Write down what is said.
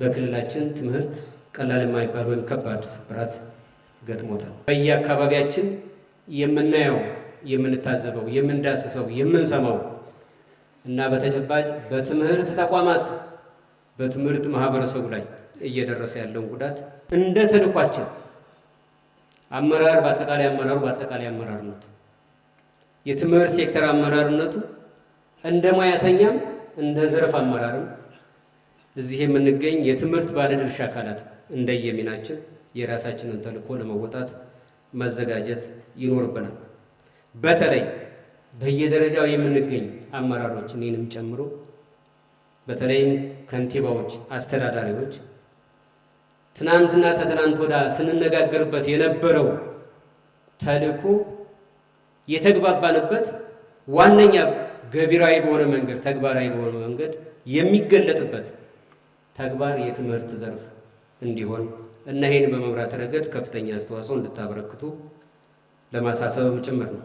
በክልላችን ትምህርት ቀላል የማይባል ወይም ከባድ ስብራት ገጥሞታል። በየአካባቢያችን የምናየው፣ የምንታዘበው፣ የምንዳስሰው፣ የምንሰማው እና በተጨባጭ በትምህርት ተቋማት በትምህርት ማህበረሰቡ ላይ እየደረሰ ያለውን ጉዳት እንደ ተልኳችን አመራር በአጠቃላይ አመራሩ በአጠቃላይ አመራርነቱ የትምህርት ሴክተር አመራርነቱ እንደ ሙያተኛም እንደ ዘርፍ አመራርም እዚህ የምንገኝ የትምህርት ባለድርሻ አካላት እንደየሚናችን የራሳችንን ተልዕኮ ለመወጣት መዘጋጀት ይኖርብናል። በተለይ በየደረጃው የምንገኝ አመራሮች እኔንም ጨምሮ በተለይም ከንቲባዎች፣ አስተዳዳሪዎች ትናንትና ተትናንት ወዳ ስንነጋገርበት የነበረው ተልዕኮ የተግባባንበት ዋነኛ ገቢራዊ በሆነ መንገድ ተግባራዊ በሆነ መንገድ የሚገለጥበት ተግባር የትምህርት ዘርፍ እንዲሆን እና ይህን በመምራት ረገድ ከፍተኛ አስተዋጽኦ እንድታበረክቱ ለማሳሰብም ጭምር ነው።